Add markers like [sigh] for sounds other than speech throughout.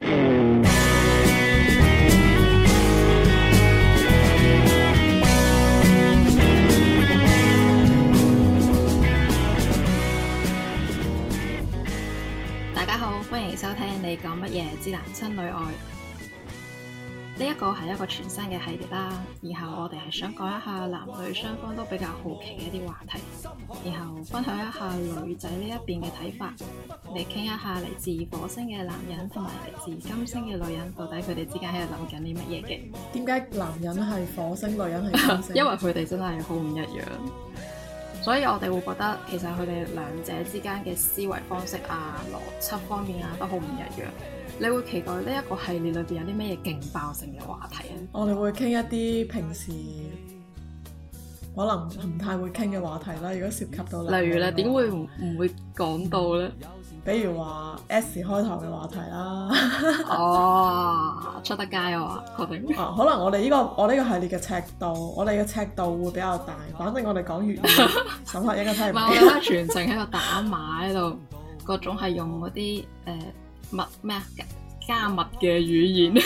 大家好，歡迎收聽《你講乜嘢之男親女愛》。呢一個係一個全新嘅系列啦，然後我哋係想講一下男女雙方都比較好奇嘅一啲話題，然後分享一下女仔呢一邊嘅睇法，嚟傾一下嚟自火星嘅男人同埋嚟自金星嘅女人，到底佢哋之間喺度諗緊啲乜嘢嘅？點解男人係火星，女人係金星？ [laughs] 因為佢哋真係好唔一樣，所以我哋會覺得其實佢哋兩者之間嘅思維方式啊、邏輯方面啊，都好唔一樣。你會期待呢一個系列裏邊有啲咩嘢勁爆性嘅話題啊？我哋會傾一啲平時可能唔太會傾嘅話題啦。如果涉及到例如咧，點會唔會講到咧？比如話 S 開頭嘅話題啦。哦， [laughs] 出得街嘅話，確定可能我哋呢、這個我呢個系列嘅尺度，我哋嘅尺度會比較大。反正我哋講完，就係一個睇唔。全程喺度打碼喺度，各種係用嗰啲誒。呃密咩加，加密嘅語言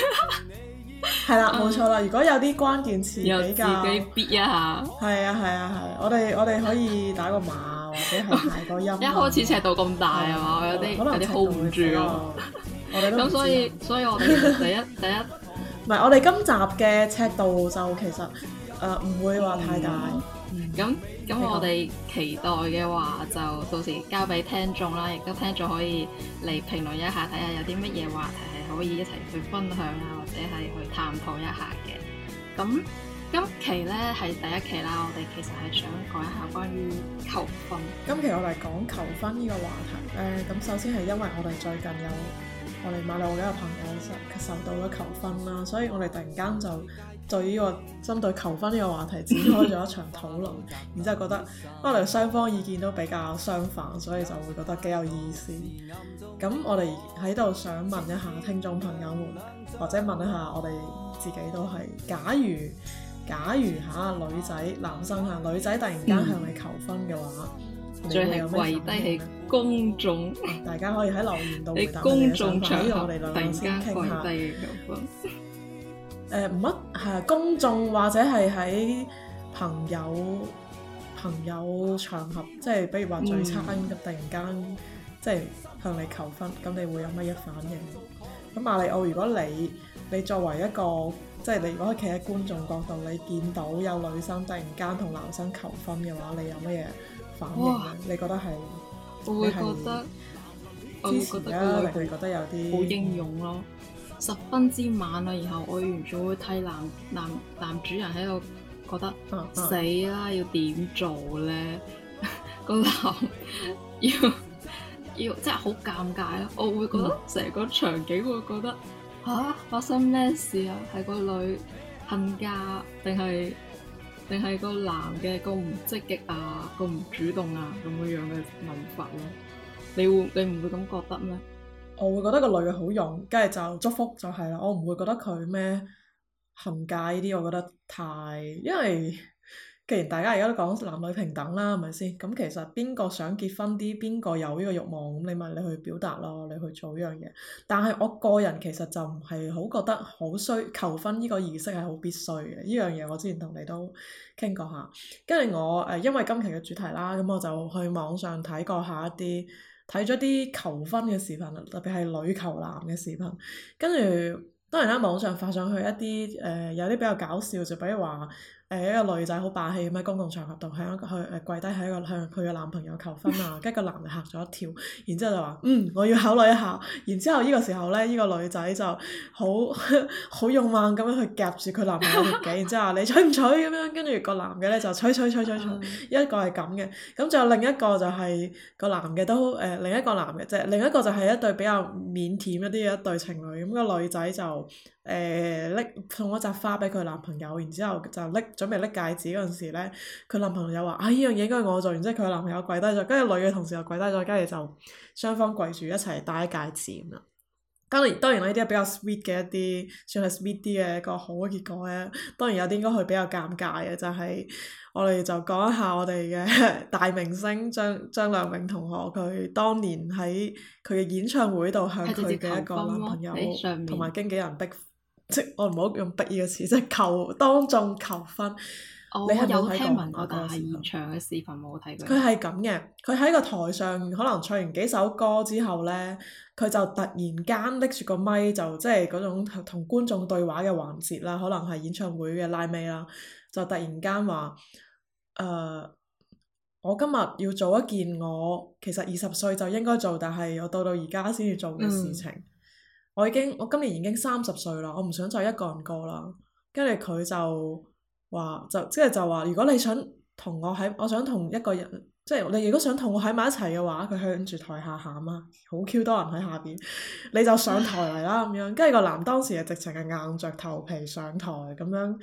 係啦，冇 [laughs] 錯啦。如果有啲關鍵詞，又自己 beep 一下。係啊係啊係、啊啊啊啊啊！我哋我哋可以打個碼，或者係打個音。 [laughs] 一開始尺度咁大啊嘛，對有啲有啲 hold 唔住啊、呃。我哋咁所以所以我第一第一，唔係 [laughs] 一我哋今集嘅尺度就其實誒唔、呃、會話太大。嗯咁咁，嗯、我哋期待嘅話就到時交俾聽眾啦，亦都聽眾可以嚟評論一下，睇下有啲乜嘢話題係可以一齊去分享啊，或者係去探討一下嘅。咁今期呢係第一期啦，我哋其實係想講一下關於求婚。今期我哋講求婚呢個話題，誒、呃，咁首先係因為我哋最近有我哋馬路嘅一個朋友實受，受到咗求婚啦，所以我哋突然間就。就依、這個針對求婚呢個話題，展開咗一場討論，然之後覺得可能雙方意見都比較相反，所以就會覺得幾有意思。咁我哋喺度想問一下聽眾朋友們，或者問一下我哋自己都係，假如假如吓、啊、女仔、男生吓女仔突然間向你求婚嘅話，你係、嗯、有咩係公眾、啊，大家可以喺留言度回答你嘅想法。突然間跪低求婚。 [laughs] 誒唔乜嚇公眾或者係喺朋友朋友場合，即係比如話聚餐咁，突然間、嗯、即係向你求婚，咁你會有乜嘢反應？咁馬里奧，如果你你作為一個即係你如果企喺觀眾角度，你見到有女生突然間同男生求婚嘅話，你有乜嘢反應？哇你覺得係支持？我會覺得，你我會覺得，會覺得有啲好英勇咯。十分之晚啦、啊，然後我完全會替男男男主人喺度覺得、嗯嗯、死啦、啊，要點做咧？個 [laughs] 男要要即係好尷尬咯、啊，我會覺得成個場景會覺得吓、嗯啊，發生咩事啊？係、個女恨嫁定係定係個男嘅咁唔積極啊，咁、那、唔、個、主動啊咁樣樣嘅諗法咯？你會你唔會咁覺得咩？我會覺得個女嘅好勇，跟住就祝福就係啦。我唔會覺得佢咩行街呢啲，我覺得太。因為既然大家而家都講男女平等啦，係咪先？咁其實邊個想結婚啲，邊個有呢個欲望，咁你咪你去表達咯，你去做呢樣嘢。但係我個人其實就唔係好覺得好需求婚呢個儀式係好必須嘅呢樣嘢。我之前同你都傾過下，跟住我誒、呃、因為今期嘅主題啦，咁我就去網上睇過一下一啲。睇咗啲求婚嘅視頻，特別係女求男嘅視頻。跟住當然啦，網上發上去一啲誒、呃，有啲比較搞笑，就比如話。誒一個女仔好霸氣咁喺公共場合度向一個去誒、呃、跪低，喺度向佢嘅男朋友求婚啊！跟住個男嘅嚇咗一跳，然之後就話：嗯，我要考慮一下。然之後呢個時候呢，呢、這個女仔就好好勇猛咁樣去夾住佢男朋友嘅頸，然之後你娶唔娶？咁樣？跟住個男嘅呢，就娶、娶、娶、娶」。吹。一個係咁嘅，咁仲有另一個就係、是、個男嘅都誒、呃、另一個男嘅啫，就是、另一個就係一對比較腼腆一啲嘅一對情侶咁，個女仔就。誒拎送咗扎花俾佢男朋友，然之後就拎準備拎戒指嗰陣時咧，佢男朋友話：啊，依樣嘢應該我做。然之後佢男朋友跪低咗，跟住女嘅同事又跪低咗，跟住就雙方跪住一齊戴戒指咁啦。咁當然當然呢啲比較 sweet 嘅一啲，算係 sweet 啲嘅一個好嘅結果咧。當然有啲應該係比較尷尬嘅，就係、是、我哋就講一下我哋嘅大明星張張靚穎同學，佢當年喺佢嘅演唱會度向佢嘅一個男朋友同埋經紀人逼。即我唔好用不雅嘅詞，即係求當眾求婚。Oh, 你我有聽聞，但係現場嘅視頻冇睇到。佢係咁嘅，佢喺個台上可能唱完幾首歌之後咧，佢就突然間拎住個咪，就即係嗰種同觀眾對話嘅環節啦，可能係演唱會嘅拉尾啦，就突然間話：誒、呃，我今日要做一件我其實二十歲就應該做，但係我到到而家先要做嘅事情。Mm. 我已經，我今年已經三十歲啦，我唔想再一個人過啦。跟住佢就話，就即係就話，如果你想同我喺，我想同一個人，即係你如果想同我喺埋一齊嘅話，佢向住台下喊啊，好 Q 多人喺下邊，你就上台嚟啦咁樣。跟住個男當時係，直情係硬着頭皮上台咁樣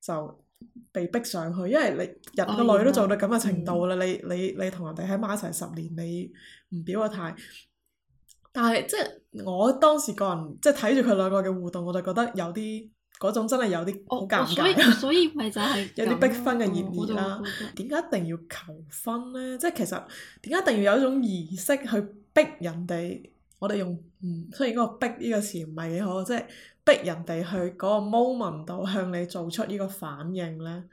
就被逼上去，因為你人個女都做到咁嘅程度啦，你你你同人哋喺埋一齊十年，你唔表個態。但係即係我當時個人即係睇住佢兩個嘅互動，我就覺得有啲嗰種真係有啲好尷尬。oh, oh, 所以，所以咪就係有啲逼婚嘅熱戀啦。點解、oh, 啊、一定要求婚咧？即係其實點解一定要有一種儀式去逼人哋？我哋用嗯雖然嗰個逼呢個詞唔係幾好，即係逼人哋去嗰個 moment 度向你做出呢個反應咧。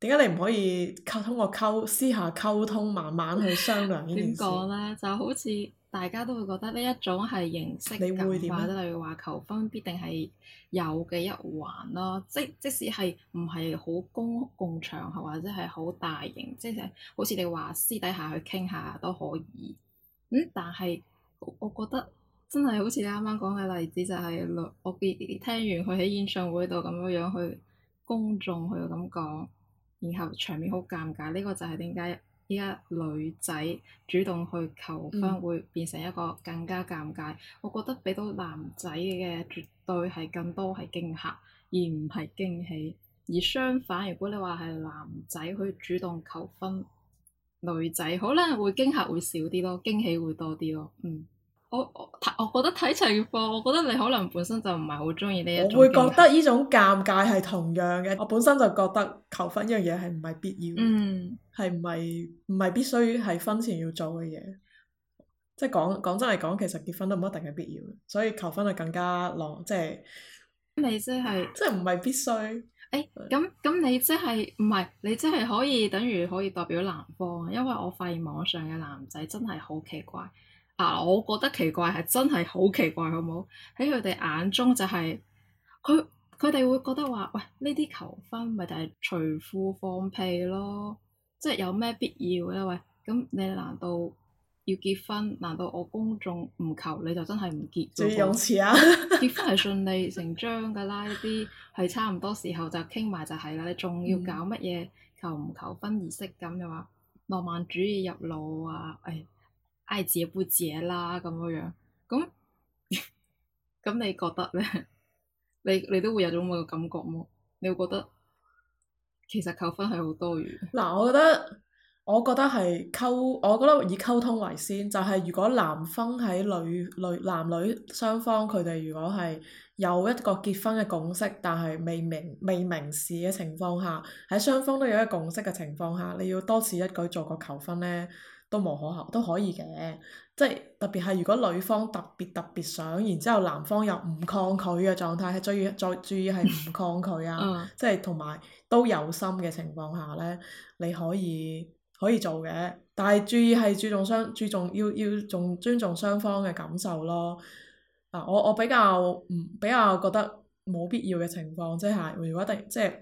點解你唔可以溝通過溝私下溝通，慢慢去商量呢件事？講啦，就好似。大家都會覺得呢一種係形式感化，或者例如話求婚必定係有嘅一環咯。即即使係唔係好公共場合，或者係好大型，即係好似你話私底下去傾下都可以。嗯，但係我，我覺得真係好似你啱啱講嘅例子，就係、是、我記聽完佢喺演唱會度咁樣樣去公眾去咁講，然後場面好尷尬。呢、這個就係點解？依家女仔主動去求婚，會變成一個更加尷尬。嗯、我覺得畀到男仔嘅絕對係更多係驚嚇，而唔係驚喜。而相反，如果你話係男仔去主動求婚，女仔可能會驚嚇會少啲咯，驚喜會多啲咯。嗯。我我睇，我覺得睇情況，我覺得你可能本身就唔係好中意呢一種。我會覺得呢種尷尬係同樣嘅，我本身就覺得求婚呢樣嘢係唔係必要，係唔係唔係必須係婚前要做嘅嘢。即係講講真嚟講，其實結婚都唔一定係必要，所以求婚就更加浪。即係你、即係、即係即係唔係必須？誒、欸，咁咁係你即係唔係？你即係可以等於可以代表男方？因為我發現網上嘅男仔真係好奇怪。啊！我覺得奇怪係真係好奇怪，好唔好？喺佢哋眼中就係佢佢哋會覺得話：喂，呢啲求婚咪就係除褲放屁咯！即係有咩必要咧？喂，咁你難道要結婚？難道我公眾唔求你就真係唔結？最諷刺啊！ [laughs] 結婚係順理成章噶啦，呢啲係差唔多時候就傾埋就係啦。你仲要搞乜嘢？求唔求婚儀式咁又話浪漫主義入腦啊？誒、哎！嗌、啊、自己杯自己啦咁樣樣，咁咁你覺得咧？你你都會有種咁嘅感覺麼？你會覺得其實求婚係好多餘。嗱，我覺得，我覺得係溝，我覺得以溝通為先。就係、是、如果男方喺女女男女雙方佢哋如果係有一個結婚嘅共識，但係未明未明示嘅情況下，喺雙方都有一個共識嘅情況下，你要多此一舉做個求婚咧？都冇可口都可以嘅，即係特別係如果女方特別特別想，然之後男方又唔抗拒嘅狀態，係最要再注意係唔抗拒啊，嗯、即係同埋都有心嘅情況下呢，你可以可以做嘅，但係注意係注重雙注重要要仲尊重雙方嘅感受咯。啊，我我比較唔比較覺得冇必要嘅情況之下，即係如果一定即係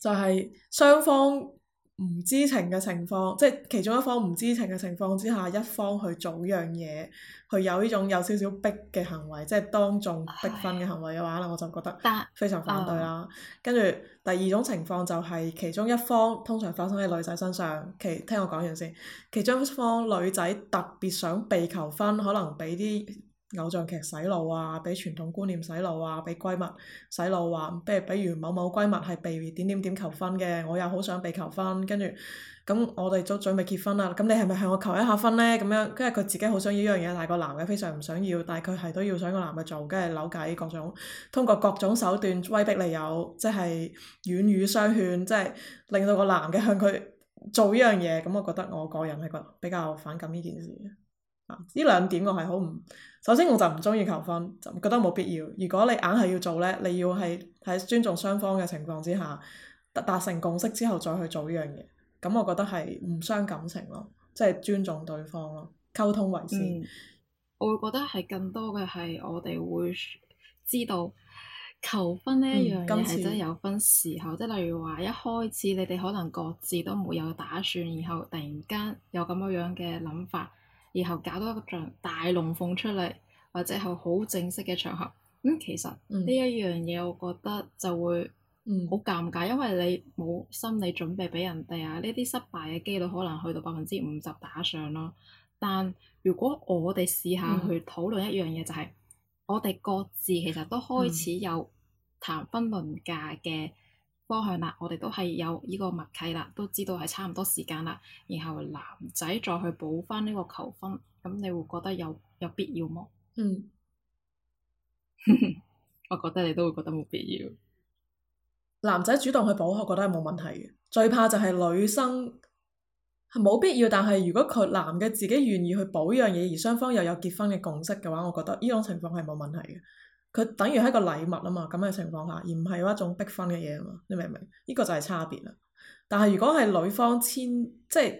就係、是、雙方。唔知情嘅情況，即係其中一方唔知情嘅情況之下，一方去做呢樣嘢，去有呢種有少少逼嘅行為，即係當眾逼婚嘅行為嘅話，呢的我就覺得非常反對啦。跟住的第二種情況就係、是、其中一方，通常發生喺女仔身上。其聽我講完先，其中一方女仔特別想被求婚，可能俾啲。偶像劇洗腦啊，畀傳統觀念洗腦啊，畀閨蜜洗腦話，咩？比如某某閨蜜係被點點點求婚嘅，我又好想被求婚，跟住咁我哋都準備結婚啦。咁你係咪向我求一下婚呢？咁樣，跟住佢自己好想要呢樣嘢，但係個男嘅非常唔想要，但係佢係都要想個男嘅做，跟住扭計各種，通過各種手段威逼利誘，即係軟語相勸，即係令到個男嘅向佢做呢樣嘢。咁我覺得我個人係覺比較反感呢件事。呢兩點我係好唔首先我就唔中意求婚，就覺得冇必要。如果你硬係要做咧，你要係喺尊重雙方嘅情況之下達達成共識之後再去做呢樣嘢，咁我覺得係唔傷感情咯，即係尊重對方咯，溝通為先、嗯。我會覺得係更多嘅係我哋會知道求婚呢一樣嘢係真係有分時候，即係、嗯、例如話一開始你哋可能各自都冇有打算，然後突然間有咁樣樣嘅諗法。然後搞到一個像大龍鳳出嚟，或者係好正式嘅場合，咁、嗯、其實呢一樣嘢我覺得就會好尷尬，因為你冇心理準備俾人哋啊，呢啲失敗嘅機率可能去到百分之五十打上咯。但如果我哋試下去討論一樣嘢，嗯、就係我哋各自其實都開始有談婚論嫁嘅。方向啦，我哋都係有呢個默契啦，都知道係差唔多時間啦。然後男仔再去補翻呢個求婚，咁你會覺得有有必要麼？嗯， [laughs] 我覺得你都會覺得冇必要。男仔主動去補，我覺得係冇問題嘅。最怕就係女生係冇必要，但係如果佢男嘅自己願意去補呢樣嘢，而雙方又有結婚嘅共識嘅話，我覺得呢種情況係冇問題嘅。佢等於係個禮物啊嘛，咁嘅情況下，而唔係一種逼婚嘅嘢啊嘛，你明唔明？呢、這個就係差別啦。但係如果係女方籤，即係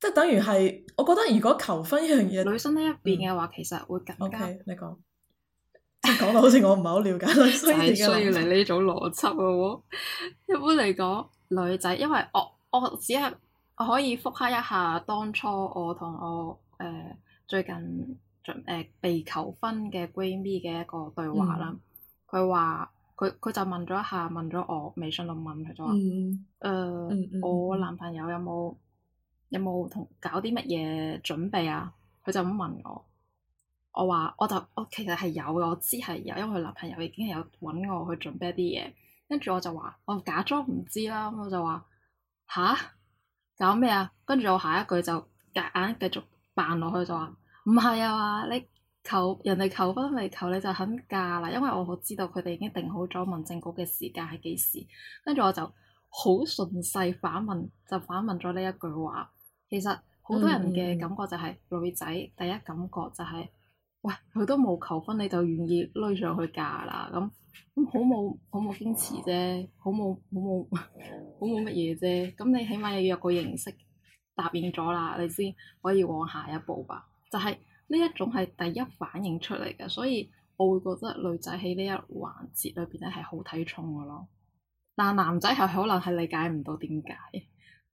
即係等於係，我覺得如果求婚呢樣嘢，女生呢一邊嘅話，嗯、其實會更加。Okay, 你講，講到好似我唔係好了解女生嘅需要嚟呢種邏輯嘅喎。一般嚟講，女仔因為我我，我只係可以復刻一下當初我同我誒、呃、最近。就被求婚嘅閨蜜嘅一個對話啦，佢話佢佢就問咗一下，問咗我微信度問佢就話，誒，我男朋友有冇有冇同搞啲乜嘢準備啊？佢就咁問我，我話我就我其實係有嘅，我知係有，因為佢男朋友已經有揾我去準備一啲嘢，跟住我就話我假裝唔知啦，我就話吓？搞咩啊？跟住我下一句就夾硬繼續扮落去就話。唔係啊！你求人哋求婚未求，你就肯嫁啦？因為我好知道佢哋已經定好咗民政局嘅時間係幾時，跟住我就好順勢反問，就反問咗呢一句話。其實好多人嘅感覺就係、是嗯、女仔第一感覺就係、是，喂佢都冇求婚，你就願意攞上去嫁啦？咁咁好冇好冇堅持啫，好冇好冇好冇乜嘢啫。咁你起碼要有個形式答應咗啦，你先可以往下一步吧。就係、是、呢一種係第一反應出嚟嘅，所以我會覺得女仔喺呢一環節裏邊咧係好睇重嘅咯。但男仔係可能係理解唔到點解，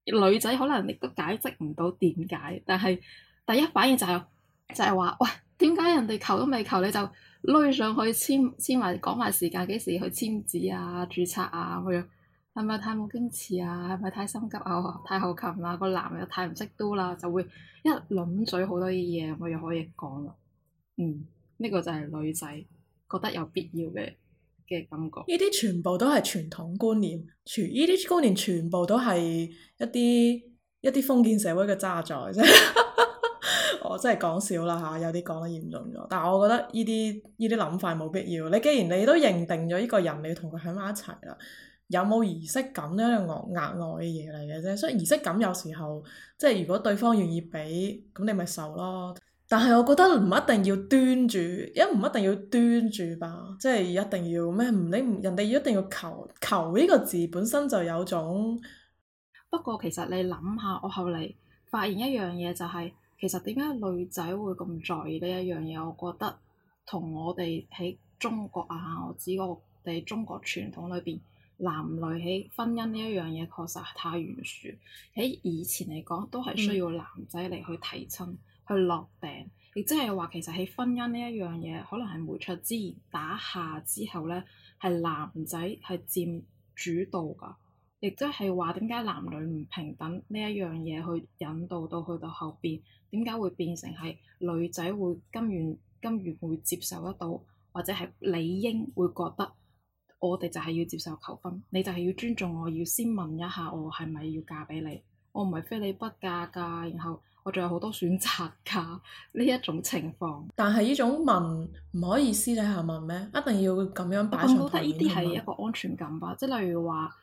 女仔可能亦都解釋唔到點解。但係第一反應就係、是、就係、是、話，喂，點解人哋求都未求，你就擂上去簽簽埋講埋時間幾時去簽字啊、註冊啊咁樣。係咪太冇矜持啊？係咪太心急啊？哦、太猴擒啦？個男嘅太唔識 do 啦，就會一輪嘴好多嘢，我又可以講啦。嗯，呢、呢個就係女仔覺得有必要嘅嘅感覺。呢啲全部都係傳統觀念，全呢啲觀念全部都係一啲一啲封建社會嘅渣滓啫。 [laughs] 我真係講笑啦吓，有啲講得嚴重咗。但係我覺得呢啲呢啲諗法冇必要。你既然你都認定咗呢個人，你要同佢喺埋一齊啦。有冇儀式感呢樣我額外嘅嘢嚟嘅啫，所以儀式感有時候即係如果對方願意畀，咁你咪受咯。但係我覺得唔一定要端住，一唔一定要端住吧，即係一定要咩唔拎人哋一定要求求呢個字本身就有種。不過其實你諗下，我後嚟發現一樣嘢就係、是，其實點解女仔會咁在意呢一樣嘢？我覺得同我哋喺中國啊，我指嗰個我哋中國傳統裏邊。男女喺婚姻呢一樣嘢確實太懸殊。喺以前嚟講，都係需要男仔嚟去提親、去落訂，亦即係話其實喺婚姻呢一樣嘢，可能係媒妁之言打下之後咧，係男仔係佔主導㗎，亦即係話點解男女唔平等呢一樣嘢去引導到去到後邊，點解會變成係女仔會甘願甘願會接受得到，或者係理應會覺得？我哋就係要接受求婚，你就係要尊重我，要先問一下我係咪要嫁畀你，我唔係非你不嫁噶，然後我仲有好多選擇噶呢一種情況。但係呢種問唔可以私底下問咩？一定要咁樣擺上台面。我覺得呢啲係一個安全感吧，問即係例如話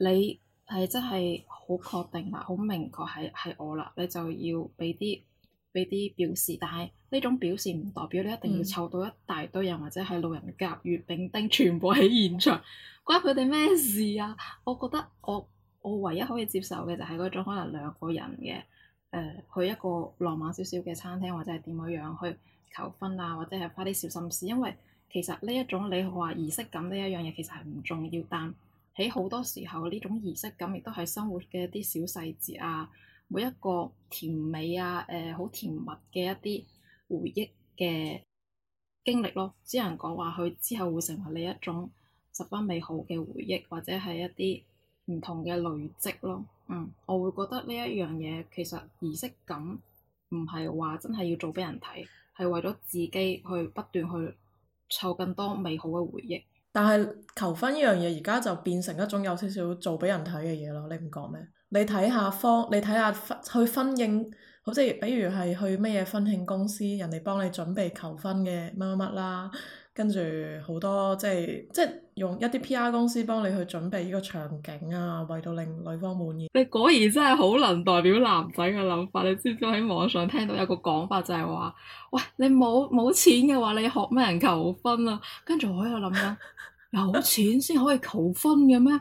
你係真係好確定啦，好明確係係我啦，你就要畀啲。俾啲表示，但係呢種表示唔代表你一定要湊到一大堆人，嗯、或者係路人甲、乙、丙、丁全部喺現場，關佢哋咩事啊？我覺得我我唯一可以接受嘅就係嗰種可能兩個人嘅，誒、呃、去一個浪漫少少嘅餐廳或者係點樣樣去求婚啊，或者係花啲小心思，因為其實呢一種你話儀式感呢一樣嘢其實係唔重要，但喺好多時候呢種儀式感亦都係生活嘅一啲小細節啊。每一個甜美啊，誒、呃，好甜蜜嘅一啲回憶嘅經歷咯，只能講話佢之後會成為你一種十分美好嘅回憶，或者係一啲唔同嘅累積咯。嗯，我會覺得呢一樣嘢其實儀式感唔係話真係要做俾人睇，係為咗自己去不斷去湊更多美好嘅回憶。但係求婚呢樣嘢而家就變成一種有少少做俾人睇嘅嘢咯，你唔覺咩？你睇下方，你睇下去婚慶，好似比如係去咩嘢婚慶公司，人哋幫你準備求婚嘅乜乜乜啦，跟住好多即係即係用一啲 P.R. 公司幫你去準備呢個場景啊，為到令女方滿意。你果然真係好能代表男仔嘅諗法。你知唔知喺網上聽到有一個講法就係話，喂，你冇冇錢嘅話，你學咩人求婚啊？跟住我喺度諗緊， [laughs] 有錢先可以求婚嘅咩？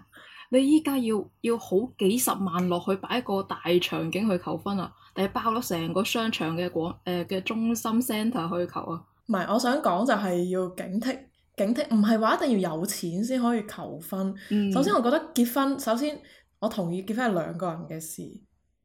你依家要要好幾十萬落去擺一個大場景去求婚啊？定係包咗成個商場嘅廣誒嘅、呃、中心 centre 去求啊？唔係，我想講就係要警惕警惕，唔係話一定要有錢先可以求婚。嗯、首先，我覺得結婚首先我同意結婚係兩個人嘅事，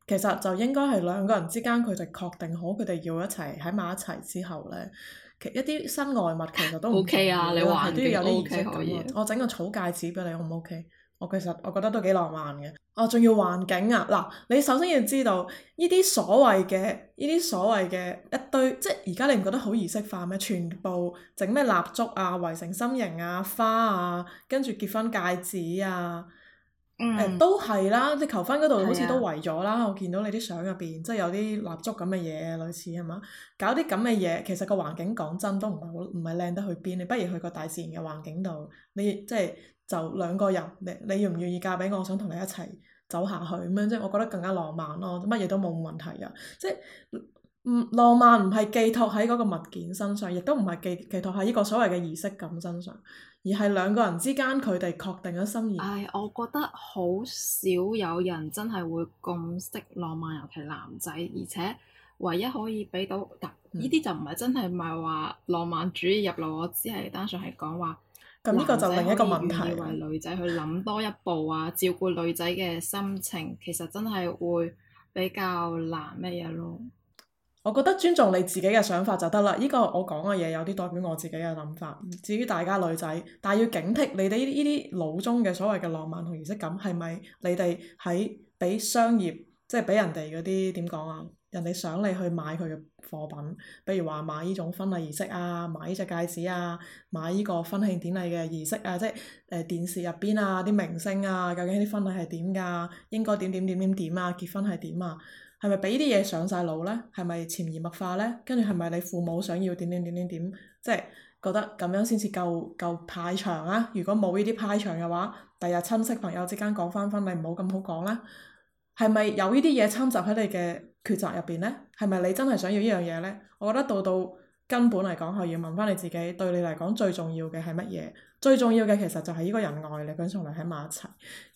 其實就應該係兩個人之間佢哋確定好佢哋要一齊喺埋一齊之後咧，其一啲身外物其實都 OK 唔、啊、你要，都要有啲意識咁啊！Okay, 我整個草戒指俾你好唔 OK？我其實我覺得都幾浪漫嘅，我仲要環境啊！嗱，你首先要知道呢啲所謂嘅，呢啲所謂嘅一堆，即係而家你唔覺得好儀式化咩？全部整咩蠟燭啊，圍成心形啊，花啊，跟住結婚戒指啊，誒、嗯欸、都係啦！即係求婚嗰度好似都圍咗啦，的我見到你啲相入邊，即係有啲蠟燭咁嘅嘢，類似係嘛？搞啲咁嘅嘢，其實個環境講真都唔係好，唔係靚得去邊。你不如去個大自然嘅環境度，你即係。就兩個人，你你願唔願意嫁俾我？我想同你一齊走下去咁樣啫，我覺得更加浪漫咯，乜嘢都冇問題啊！即係唔浪漫唔係寄託喺嗰個物件身上，亦都唔係寄寄託喺呢個所謂嘅儀式感身上，而係兩個人之間佢哋確定咗心意。唉、哎，我覺得好少有人真係會咁識浪漫，尤其男仔，而且唯一可以俾到嗱，呢啲、嗯、就唔係真係唔係話浪漫主義入嚟，我只係單純係講話。咁呢個就另一個問題，為女仔去諗多一步啊，照顧女仔嘅心情，其實真係會比較難咩嘢咯。我覺得尊重你自己嘅想法就得啦。呢個我講嘅嘢有啲代表我自己嘅諗法，至於大家女仔，但係要警惕你哋呢啲呢啲腦中嘅所謂嘅浪漫同儀式感係咪你哋喺俾商業？即係俾人哋嗰啲點講啊？人哋想你去買佢嘅貨品，比如話買呢種婚禮儀式啊，買呢隻戒指啊，買呢個婚慶典禮嘅儀式啊，即係誒、呃、電視入邊啊啲明星啊，究竟啲婚禮係點噶？應該點點點點點啊？結婚係點啊？係咪俾啲嘢上晒腦呢？係咪潛移默化呢？跟住係咪你父母想要點點點點點？即係覺得咁樣先至夠夠派場啊！如果冇呢啲派場嘅話，第日親戚朋友之間講翻婚禮唔好咁好講啦～係咪有呢啲嘢摻雜喺你嘅抉擇入邊呢？係咪你真係想要呢樣嘢呢？我覺得到到根本嚟講，係要問翻你自己，對你嚟講最重要嘅係乜嘢？最重要嘅其實就係呢個人愛你，咁從來喺埋一齊，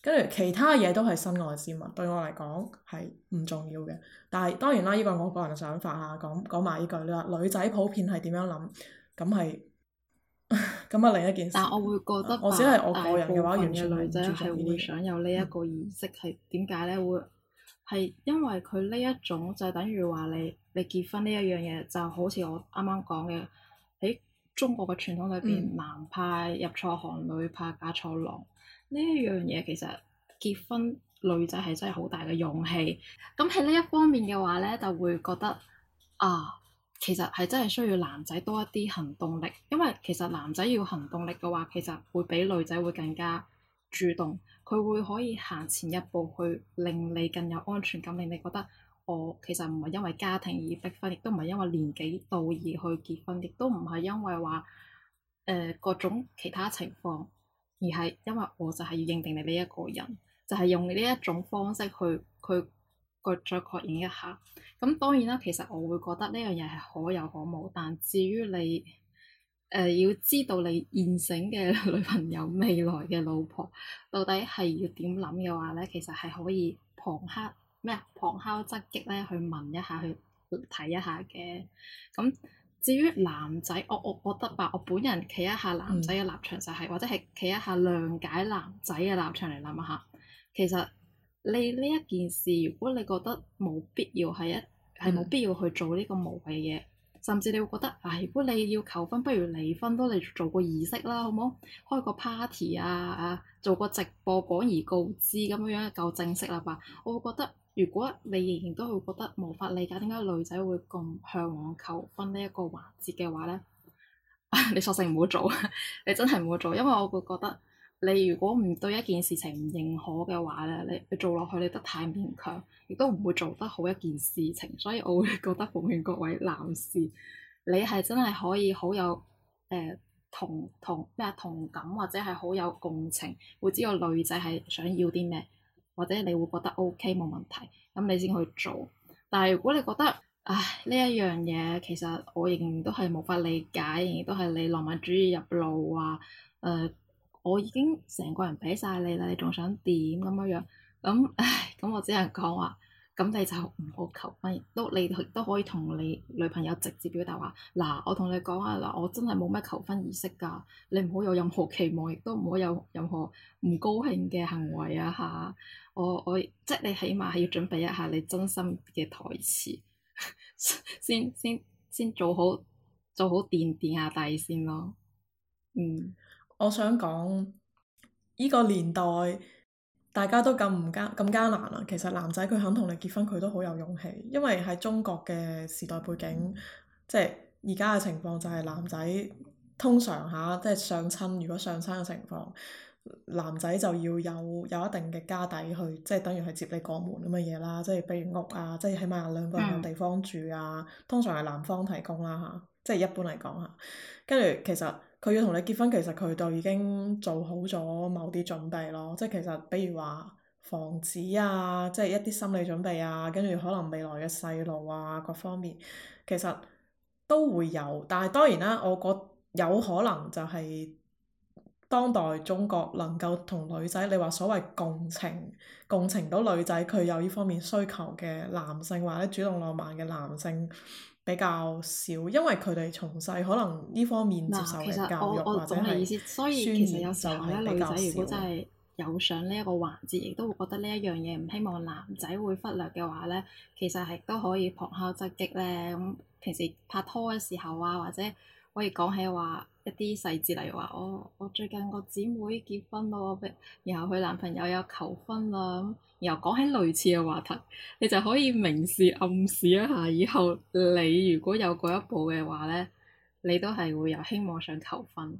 跟住其他嘢都係身外之物，對我嚟講係唔重要嘅。但係當然啦，依、呢個我個人嘅想法嚇，講講埋呢句，你話女仔普遍係點樣諗？咁係。咁啊，另一件事，但我會覺得，我只係我個人嘅話，完女仔全係會想有呢一個儀式，係點解咧？會係因為佢呢一種就係、等於話你你結婚呢一樣嘢，就好似我啱啱講嘅喺中國嘅傳統裏邊，嗯、男怕入錯行，女怕嫁錯郎呢一樣嘢，其實結婚女仔係真係好大嘅勇氣。咁喺呢一方面嘅話咧，就會覺得啊～其實係真係需要男仔多一啲行動力，因為其實男仔要行動力嘅話，其實會比女仔會更加主動，佢會可以行前一步去令你更有安全感，令你覺得我其實唔係因為家庭而逼婚，亦都唔係因為年紀到而去結婚，亦都唔係因為話誒、呃、各種其他情況，而係因為我就係要認定你呢一個人，就係、是、用呢一種方式去去去再再確認一下，咁當然啦，其實我會覺得呢樣嘢係可有可無，但至於你誒、呃、要知道你現成嘅女朋友未來嘅老婆到底係要點諗嘅話咧，其實係可以旁敲咩啊，旁敲側擊咧去問一下去睇一下嘅。咁至於男仔，我我覺得吧，我本人企一下男仔嘅立場就係、是，嗯、或者係企一下諒解男仔嘅立場嚟諗一下，其實。你呢一件事，如果你覺得冇必要係一係冇、嗯、必要去做呢個無謂嘢，甚至你會覺得唉、啊，如果你要求婚，不如離婚都嚟做個儀式啦，好冇開個 party 啊啊，做個直播廣而告之，咁樣樣夠正式喇吧？我會覺得如果你仍然都會覺得無法理解點解女仔會咁嚮往求婚環節呢一個環節嘅話咧， [laughs] 你索性唔好做， [laughs] 你真係唔好做，因為我會覺得。你如果唔對一件事情唔認可嘅話咧，你你做落去你得太勉強，亦都唔會做得好一件事情。所以我會覺得奉勸各位男士，你係真係可以好有誒、呃、同同咩同感，或者係好有共情，會知道女仔係想要啲咩，或者你會覺得 O K 冇問題，咁你先去做。但係如果你覺得，唉呢一樣嘢其實我仍然都係無法理解，仍然都係你浪漫主義入路啊。誒、呃。我已經成個人畀晒你啦，你仲想點咁樣樣？咁唉，咁我只能講話，咁你就唔好求婚，亦都你都可以同你女朋友直接表達話嗱，我同你講啊嗱，我真係冇乜求婚儀式噶，你唔好有任何期望，亦都唔好有任何唔高興嘅行為啊吓！我我即係你起碼係要準備一下你真心嘅台詞， [laughs] 先先先做好做好墊墊下底先咯，嗯。我想講呢，呢個年代大家都咁唔艱咁艱難啦，啊，其實男仔佢肯同你結婚，佢都好有勇氣，因為喺中國嘅時代背景，即係而家嘅情況就係男仔通常嚇，啊，即係上親，如果上親嘅情況，男仔就要有有一定嘅家底去，即係等於係接你過門咁嘅嘢啦，即係比如屋啊，即係起碼有兩個人有地方住啊，通常係男方提供啦嚇，啊，即係一般嚟講嚇，跟住其實。佢要同你結婚，其實佢就已經做好咗某啲準備咯，即係其實，比如話房子啊，即係一啲心理準備啊，跟住可能未來嘅細路啊，各方面其實都會有，但係當然啦，我覺得有可能就係當代中國能夠同女仔，你話所謂共情，共情到女仔佢有呢方面需求嘅男性，或者主動浪漫嘅男性。比較少，因為佢哋從細可能呢方面接受嘅教育或意思，是是所以其實有時候咧，女仔如果真係有上呢一個環節，亦都會覺得呢一樣嘢唔希望男仔會忽略嘅話咧，其實係都可以旁敲側擊咧。咁平時拍拖嘅時候啊，或者可以講起話，一啲細節，例如話我我最近個姊妹結婚啦，然後佢男朋友有求婚啦，咁然後講起類似嘅話題，你就可以明示暗示一下，以後你如果有嗰一步嘅話咧，你都係會有希望想求婚。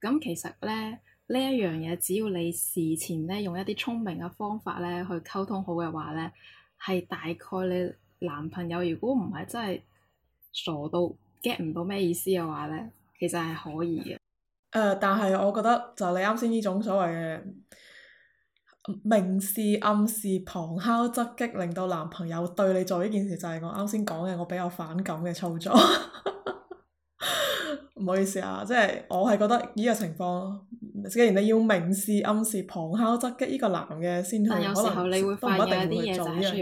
咁其實咧呢一樣嘢，只要你事前咧用一啲聰明嘅方法咧去溝通好嘅話咧，係大概你男朋友如果唔係真係傻到 get 唔到咩意思嘅話咧。其實係可以嘅，呃，但係我覺得就你啱先呢種所謂嘅明示、暗示、旁敲側擊，令到男朋友對你做呢件事，就係我啱先講嘅，我比較反感嘅操作。 [laughs] 唔好意思啊，即、就、係、是、我係覺得呢個情況，既然你要明示、暗示、旁敲側擊呢個男嘅先去可能，有時候你會都唔一定會做呢樣嘢。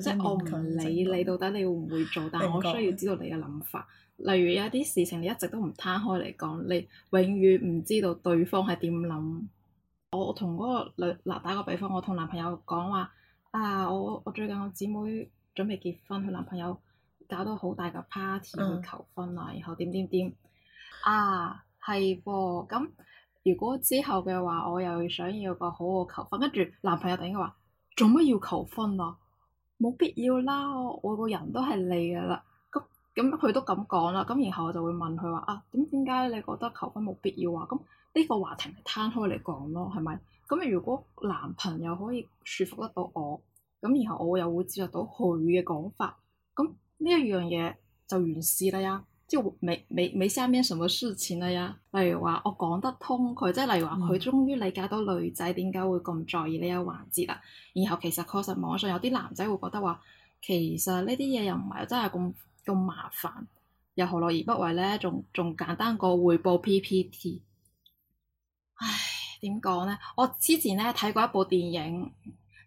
即係我唔理你到底你會唔會做，但我需要知道你嘅諗法。例如有啲事情你一直都唔攤開嚟講，你永遠唔知道對方係點諗。我同嗰個女嗱、呃、打個比方，我同男朋友講話啊，我我最近我姊妹準備結婚，佢男朋友搞到好大個 party 去求婚啊，嗯、然後點點點啊，係喎。噉如果之後嘅話，我又想要個好嘅求婚，跟住男朋友突然間話做乜要求婚啊？冇必要啦，我個人都係你噶啦。咁佢都咁講啦，咁然後我就會問佢話啊，點點解你覺得求婚冇必要啊？咁呢個話題咪攤開嚟講咯，係咪？咁如果男朋友可以説服得到我，咁然後我又會接受到佢嘅講法，咁呢一樣嘢就完事啦呀。即係未未未發生咩什麼事情啦呀。例如話我講得通佢，即係例如話佢、嗯、終於理解到女仔點解會咁在意呢一環節啦。然後其實確實網上有啲男仔會覺得話其實呢啲嘢又唔係真係咁。咁麻煩又何樂而不為咧？仲仲簡單過匯報 PPT。唉，點講咧？我之前咧睇過一部電影，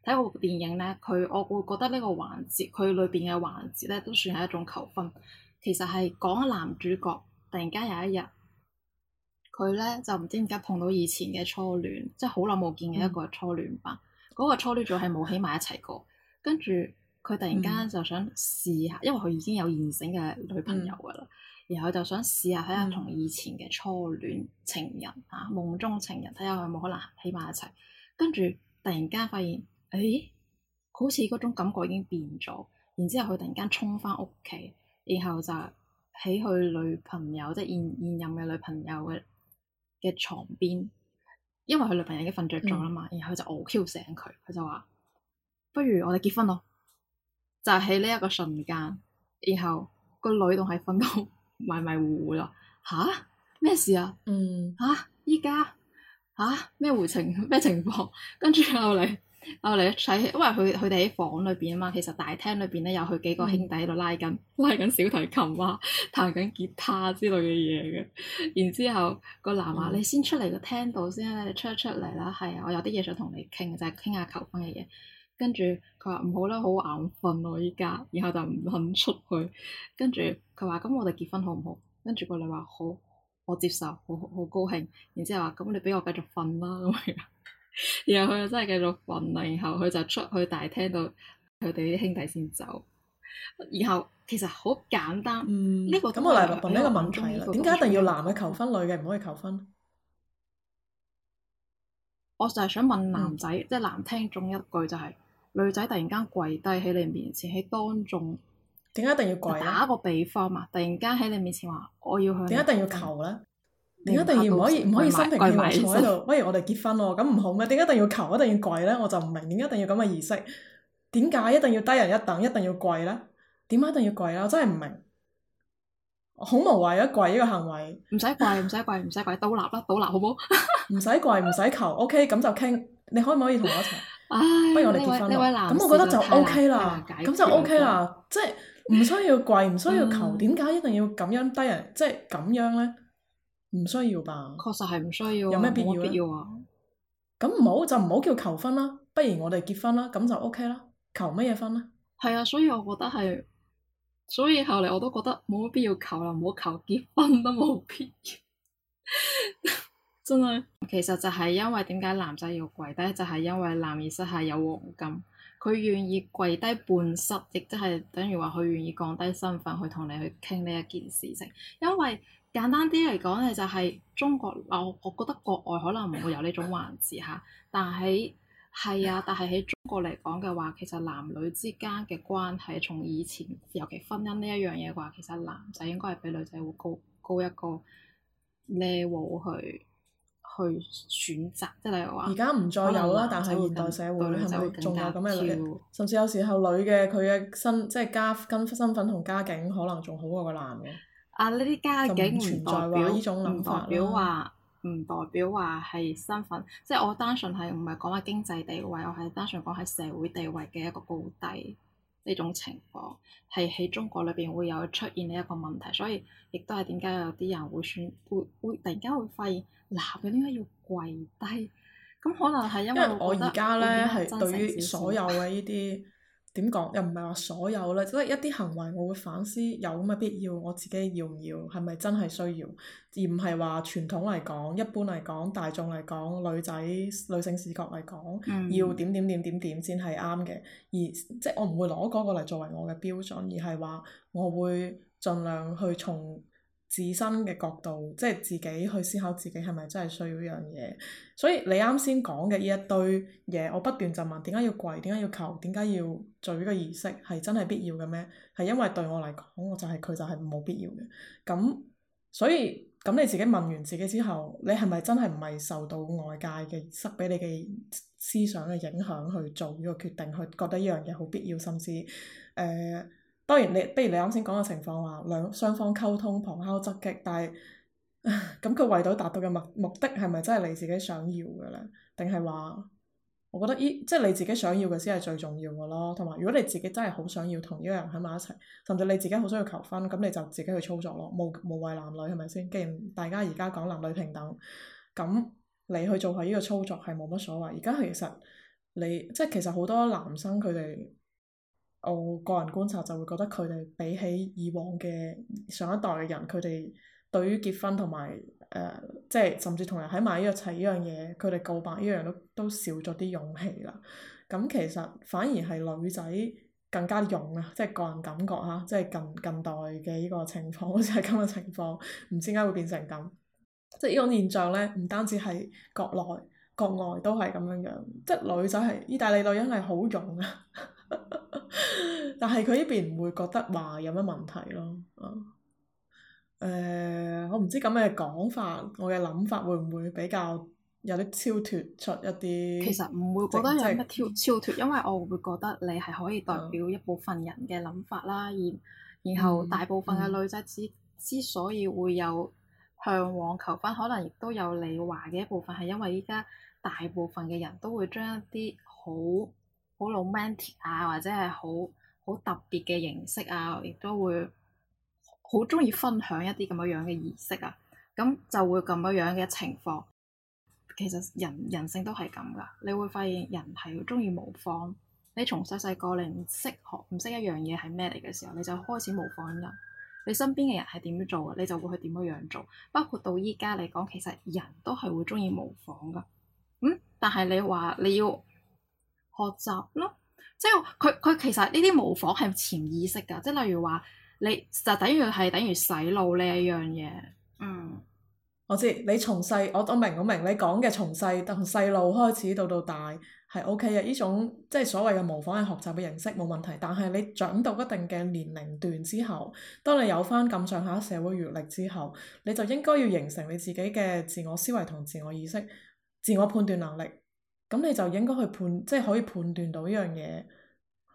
睇過部電影咧，佢我會覺得個環節環節呢個環節，佢裏邊嘅環節咧都算係一種求婚。其實係講男主角突然間有一日，佢咧就唔知點解碰到以前嘅初戀，即係好耐冇見嘅一個初戀吧。嗰、嗯、個初戀組係冇喺埋一齊過，跟住。佢突然間就想試下，因為佢已經有現成嘅女朋友噶啦，嗯、然後就想試下睇下同以前嘅初戀情人嚇、嗯啊、夢中情人睇下佢有冇可能喺埋一齊，跟住突然間發現，誒、欸，好似嗰種感覺已經變咗。然之後佢突然間衝翻屋企，然後就喺佢女朋友即係現現任嘅女朋友嘅嘅牀邊，因為佢女朋友已經瞓着咗啦嘛，嗯、然後佢就嗷 Q 醒佢，佢就話：不如我哋結婚咯！就喺呢一個瞬間，然後個女仲係瞓到迷迷糊糊咯，吓，咩事啊？嗯，吓依家吓咩回程咩情況？跟住後嚟後嚟一齊，因為佢佢哋喺房裏邊啊嘛，其實大廳裏邊咧有佢幾個兄弟喺度拉緊、嗯、拉緊小提琴啊，彈緊吉他之類嘅嘢嘅。然之後個男話、嗯、你先出嚟個廳到先，你出一出嚟啦。係啊，我有啲嘢想同你傾，就係傾下求婚嘅嘢。跟住佢話唔好啦，好眼瞓喎依家，然後就唔肯出去。跟住佢話：咁我哋結婚好唔好？跟住個女話好，我接受，好好高興。然之後話：咁你畀我繼續瞓啦，咁然後佢就真係繼續瞓啦。然後佢就，就出去大廳度，佢哋啲兄弟先走。然後其實好簡單，呢、嗯、個咁我嚟問呢個問題啦。點解一定要男嘅求婚，女嘅唔可以求婚？我就係想問男仔，嗯、即係男聽眾一句就係、是。女仔突然間跪低喺你面前喺當眾，點解一定要跪啊？打個比方嘛，突然間喺你面前話我要去，點解一定要求咧？點解一定要唔可以唔買可以心平氣和坐喺度？不如我哋結婚咯，咁唔好咩？點解一定要求，一定要跪咧？我就唔明點解一定要咁嘅儀式？點解一定要低人一等，一定要跪咧？點解一定要跪咧？我真係唔明，好無謂啊跪呢個行為。唔使跪，唔使跪，唔使跪，倒立啦，倒立好唔好？唔 [laughs] 使跪，唔使求，OK，咁就傾。你可唔可以同我一齊？ [laughs] 哎、不如我哋結婚啦，咁我覺得就 O K 啦，咁就 O K 啦，即係唔需要跪，唔、嗯、唔需要求，點解一定要咁樣低人，嗯、即係咁樣咧？唔需要吧？確實係唔需要，有咩必要必要啊？咁唔好就唔好叫求婚啦，不如我哋結婚啦，咁就 O K 啦。求乜嘢婚咧？係啊，所以我覺得係，所以後嚟我都覺得冇乜必要求啦，唔好求結婚都冇必要。 [laughs] 真係，其實就係因為點解男仔要跪低，就係因為男兒膝下有黃金，佢願意跪低半膝，亦即係等於話佢願意降低身份去同你去傾呢一件事情。因為簡單啲嚟講，呢就係中國，我我覺得國外可能唔會有呢種環節吓，但喺係啊，但係喺中國嚟講嘅話，其實男女之間嘅關係，從以前尤其婚姻呢一樣嘢嘅話，其實男仔應該係比女仔會高高一個 level 去。去選擇，即係例如話而家唔再有啦。但係現代社會係咪仲有咁嘅？甚至有時候女嘅佢嘅身，即係家跟身份同家境可能仲好過個男嘅。啊！呢啲家境唔代表呢種諗法，唔代表話唔代表話係身份。即係我單純係唔係講話經濟地位，我係單純講係社會地位嘅一個高低。呢種情況，係喺中國裏邊會有出現呢一個問題。所以亦都係點解有啲人會選，會會突然間會發現。男人點解要跪低？咁可能係因為我覺得，因為我而家呢，係對於所有嘅呢啲點講，又唔係話所有啦，即、就、係、是、一啲行為，我會反思有乜必要，我自己要唔要，係咪真係需要，而唔係話傳統嚟講、一般嚟講、大眾嚟講、女仔女性視角嚟講，要點點點點點先係啱嘅。嗯、而即係、就是、我唔會攞嗰個嚟作為我嘅標準，而係話我會盡量去從。自身嘅角度，即係自己去思考自己係咪真係需要呢樣嘢。所以你啱先講嘅呢一堆嘢，我不斷就問：點解要跪？點解要求？點解要做呢個儀式？係真係必要嘅咩？係因為對我嚟講，我就係、是、佢就係冇必要嘅。咁所以咁你自己問完自己之後，你係咪真係唔係受到外界嘅塞俾你嘅思想嘅影響去做呢個決定，去覺得呢樣嘢好必要，甚至誒？呃當然你，你不如你啱先講嘅情況話兩雙方溝通，旁敲側擊，但係咁佢為到達到嘅目目的係咪真係你自己想要嘅呢？定係話我覺得呢即係你自己想要嘅先係最重要嘅咯。同埋如果你自己真係好想要同呢個人喺埋一齊，甚至你自己好想要求婚，咁你就自己去操作咯。無無謂男女係咪先？既然大家而家講男女平等，咁你去做下呢個操作係冇乜所謂。而家其實你即係其實好多男生佢哋。我個人觀察就會覺得佢哋比起以往嘅上一代嘅人，佢哋對於結婚同埋誒，即係甚至同人喺埋一齊呢樣嘢，佢哋告白呢樣都都少咗啲勇氣啦。咁其實反而係女仔更加勇啊！即係個人感覺嚇，即係近近代嘅依個情況好似係咁嘅情況，唔知點解會變成咁。即係呢種現象咧，唔單止係國內、國外都係咁樣樣，即係女仔係意大利女人係好勇啊！ [laughs] [laughs] 但係佢呢邊唔會覺得話有咩問題咯。啊、呃，我唔知咁嘅講法，我嘅諗法會唔會比較有啲超脱出一啲？其實唔會覺得有乜超超脱， [laughs] 因為我會覺得你係可以代表一部分人嘅諗法啦。嗯、而然後大部分嘅女仔之、嗯、之所以會有向往求婚，嗯、可能亦都有你話嘅一部分，係因為依家大部分嘅人都會將一啲好。好 romantic 啊，或者係好好特別嘅形式啊，亦都會好中意分享一啲咁樣樣嘅儀式啊。咁就會咁樣樣嘅情況，其實人人性都係咁噶，你會發現人係中意模仿。你從細細個你唔識學唔識一樣嘢係咩嚟嘅時候，你就開始模仿人。你身邊嘅人係點樣做嘅，你就會去點樣樣做。包括到依家嚟講，其實人都係會中意模仿噶。嗯，但係你話你要？學習咯，即係佢佢其實呢啲模仿係潛意識噶，即係例如話你就等於係等於洗腦呢一樣嘢。嗯，我知你從細，我明我明我明你講嘅從細，從細路開始到到大係 O K 嘅，呢種即係所謂嘅模仿係學習嘅形式冇問題。但係你長到一定嘅年齡段之後，當你有翻咁上下社會閱歷之後，你就應該要形成你自己嘅自我思維同自我意識、自我判斷能力。咁你就應該去判，即係可以判斷到一樣嘢，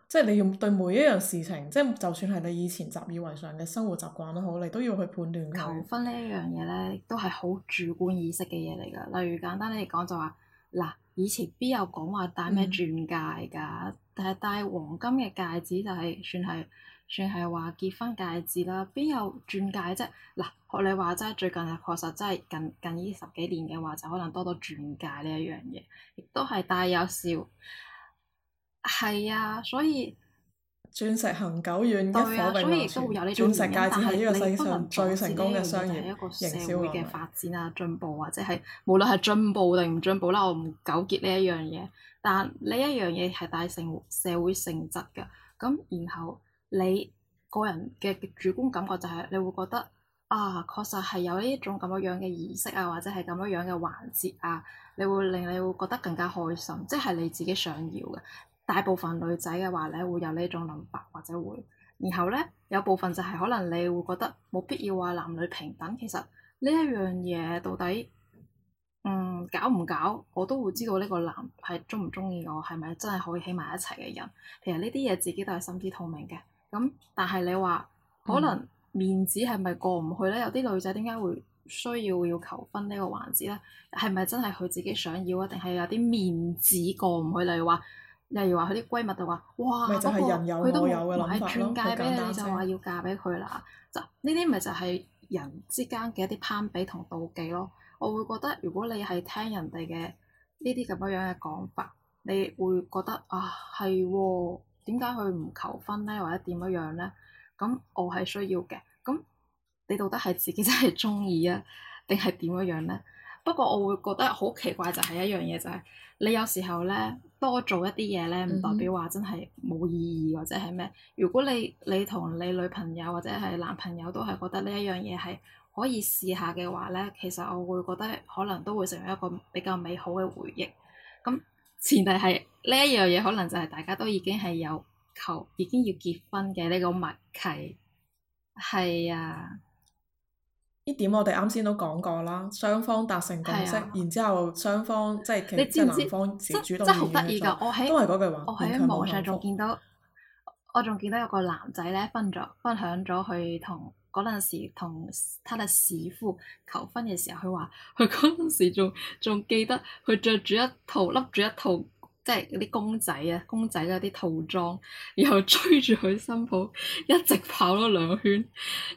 即係你要對每一樣事情，即係就算係你以前習以為常嘅生活習慣都好，你都要去判斷。求婚呢一樣嘢咧，都係好主觀意識嘅嘢嚟噶。例如簡單嚟講就話，嗱以前必有講話戴咩鑽戒㗎，嗯，但係戴黃金嘅戒指就係算係。算係話結婚戒指啦，邊有鑽戒啫？嗱，學你話齋，最近確實真係近近呢十幾年嘅話，就可能多到鑽戒呢一樣嘢，亦都係帶有笑係啊。所以鑽石恒久遠，一顆永流傳。鑽石戒指係呢個世界上最成功嘅商業係一個社會嘅發展啊，進步或者係無論係進步定唔進步啦。我唔糾結呢一樣嘢，但呢一樣嘢係帶成社會性質嘅咁，然後。你個人嘅主觀感覺就係你會覺得啊，確實係有呢一種咁樣樣嘅儀式啊，或者係咁樣樣嘅環節啊，你會令你會覺得更加開心，即係你自己想要嘅。大部分女仔嘅話咧，會有呢一種諗法或者會，然後咧有部分就係可能你會覺得冇必要話、啊、男女平等，其實呢一樣嘢到底嗯搞唔搞，我都會知道呢個男係鍾唔鍾意我，係咪真係可以喺埋一齊嘅人。其實呢啲嘢自己都係心知肚明嘅。咁，但係你話可能面子係咪過唔去咧？嗯、有啲女仔點解會需要要求婚呢個環節咧？係咪真係佢自己想要啊？定係有啲面子過唔去？例如話，例如話佢啲閨蜜就話：哇，真係人有佢都有嘅，買鑽戒俾你，你就話要嫁俾佢啦。就呢啲咪就係人之間嘅一啲攀比同妒忌咯。我會覺得如果你係聽人哋嘅呢啲咁樣樣嘅講法，你會覺得啊，係喎。點解佢唔求婚咧，或者點樣樣咧？咁我係需要嘅。咁你到底係自己真係中意啊，定係點樣樣咧？不過我會覺得好奇怪，就係一樣嘢，就係你有時候咧，多做一啲嘢咧，唔代表話真係冇意義或者係咩。如果你你同你女朋友或者係男朋友都係覺得呢一樣嘢係可以試下嘅話咧，其實我會覺得可能都會成為一個比較美好嘅回憶。咁。前提係呢一樣嘢，可能就係大家都已經係有求，已經要結婚嘅呢、呢個默契，係啊。呢點我哋啱先都講過啦，雙方達成共識，啊、然之後雙方即係其實即係男方自主動嘅一種，都係嗰句話。我喺網上仲見到，我仲見，見到有個男仔咧分咗分享咗去同。嗰陣時同他的師父求婚嘅時候，佢話佢嗰陣時仲仲記得佢着住一套笠住一套，即係啲公仔啊公仔嗰啲套裝，然後追住佢新抱一直跑咗兩圈，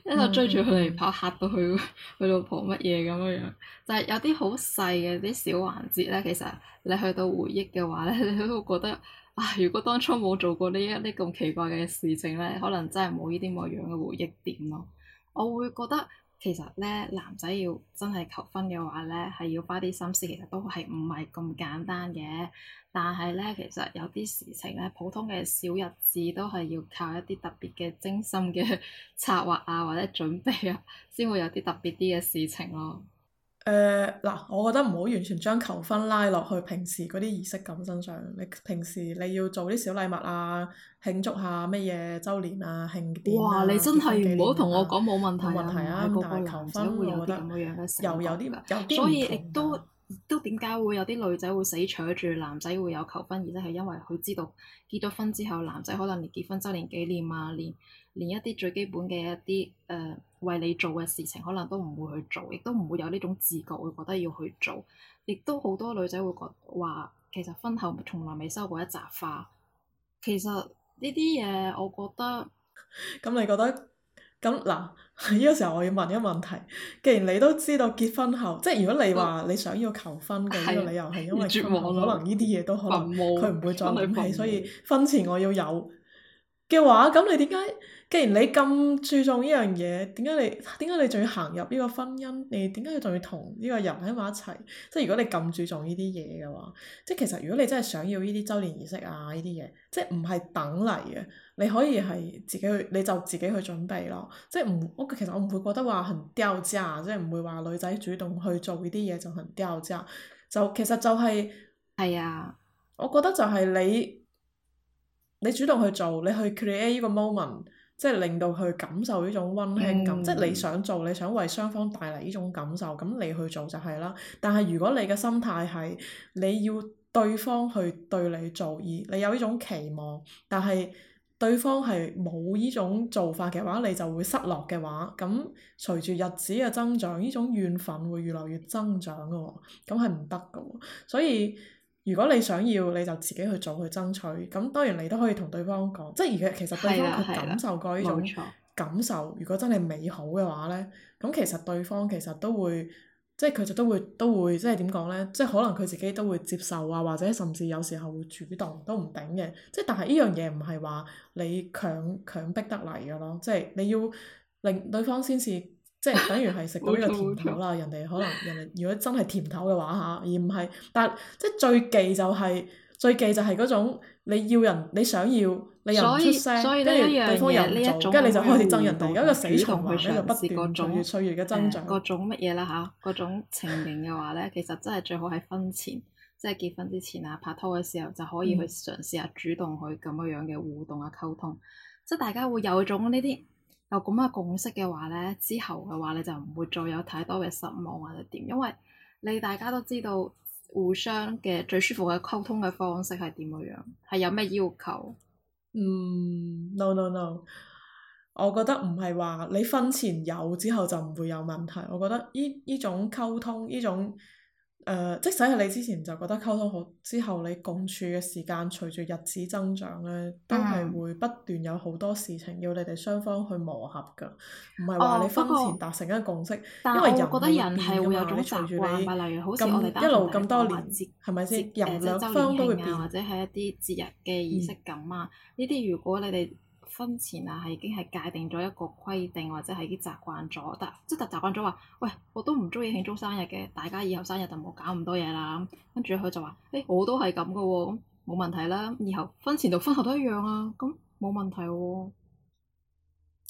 一路追住佢嚟跑，嚇到佢佢老婆乜嘢咁嘅樣，就係、係、有啲好細嘅啲小環節咧。其實你去到回憶嘅話咧，你都會覺得啊，如果當初冇做過呢一啲咁奇怪嘅事情咧，可能真係冇呢啲咁樣嘅回憶點咯。我會覺得其實咧，男仔要真係求婚嘅話咧，係要花啲心思，其實都係唔係咁簡單嘅。但係咧，其實有啲事情咧，普通嘅小日子都係要靠一啲特別嘅精心嘅策劃啊，或者準備啊，先會有啲特別啲嘅事情咯。誒嗱、呃，我覺得唔好完全將求婚拉落去平時嗰啲儀式感身上。你平時你要做啲小禮物啊，慶祝下乜嘢周年啊，慶典啊。哇！你真係唔好同我講冇問題啊！問題啊，啊，但係求婚有，有啲咁樣嘅事，又有啲，有有所以亦都都，點解會有啲女仔會死搶住男仔會有求婚？而咧係因為佢知道結咗婚之後，男仔可能連結婚周年紀念啊，連，連一啲最基本嘅一啲，誒、呃為你做嘅事情，可能都唔會去做，亦都唔會有呢種自覺，會覺得要去做。亦都好多女仔會覺話，其實婚後從來未收過一扎花。其實呢啲嘢，我覺得咁你覺得咁嗱？呢個時候我要問一個問題：既然你都知道結婚後，即係如果你話你想要求婚嘅，呢個理由係、嗯、的因為可能呢啲嘢都可能佢唔無會再諗起，無所以婚前我要有嘅話，咁無你點解？既然你咁注重呢樣嘢，點解你點解你仲要行入呢個婚姻？你點解仲要同呢個人喺埋一齊？即係如果你咁注重呢啲嘢嘅話，即係其實如果你真係想要呢啲周年儀式啊，呢啲嘢，即係唔係等嚟嘅，你可以係自己去，你就自己去準備咯。即係唔我其實我唔會覺得話很掉價，即係唔會話女仔主動去做呢啲嘢就係掉價。就其實就係、是、係啊，我覺得就係你你主動去做，你去 create 呢個 moment。即係令到佢感受呢種溫馨感，嗯、即係你想做，你想為雙方帶嚟呢種感受，咁你去做就係啦。但係如果你嘅心態係你要對方去對你做，而你有呢種期望，但係對方係冇呢種做法嘅話，你就會失落嘅話，咁隨住日子嘅增長，呢種怨憤會越來越增長㗎喎，咁係唔得㗎喎，所以。如果你想要，你就自己去做去爭取。咁當然你都可以同對方講，即係而佢其實對方佢感受過呢種感受。如果真係美好嘅話呢，咁其實對方其實都會，即係佢就都會都會即係點講呢？即係可能佢自己都會接受啊，或者甚至有時候會主動都唔頂嘅。即係但係呢樣嘢唔係話你強強迫得嚟嘅咯，即係你要令對方先至。即係等於係食到呢個甜頭啦，人哋可能人哋如果真係甜頭嘅話嚇，而唔係，但即係最忌就係最忌就係嗰種你要人你想要，你又唔出聲，跟住對方呢一做，跟住你就開始憎人哋，而家個死蟲啊，佢就不斷隨著歲月嘅增長，各種乜嘢啦嚇，各種情形嘅話咧，其實真係最好喺婚前，即係結婚之前啊，拍拖嘅時候就可以去嘗試下主動去咁樣樣嘅互動啊、溝通，即係大家會有種呢啲。有咁嘅共識嘅話咧，之後嘅話你就唔會再有太多嘅失望或者點，因為你大家都知道互相嘅最舒服嘅溝通嘅方式係點樣，係有咩要求？嗯，no no no，我覺得唔係話你婚前有之後就唔會有問題，我覺得呢呢種溝通呢種。Uh, 即使係你之前就覺得溝通好，之後你共處嘅時間隨住日子增長咧，都係會不斷有好多事情要你哋雙方去磨合噶，唔係話你婚前達成一個共識，哦哦、因為人會變噶嘛。唔係例如好似我哋一路咁多年，係咪先人兩方都會變、呃、或者係一啲節日嘅儀式感啊，呢啲、嗯、如果你哋。婚前啊，係已經係界定咗一個規定，或者係已經習慣咗，但即係習慣咗話，喂，我都唔中意慶祝生日嘅，大家以後生日就唔好搞咁多嘢啦。跟住佢就話，誒、欸，我都係咁噶喎，咁冇問題啦。以後婚前同婚後都一樣啊，咁冇問題喎、哦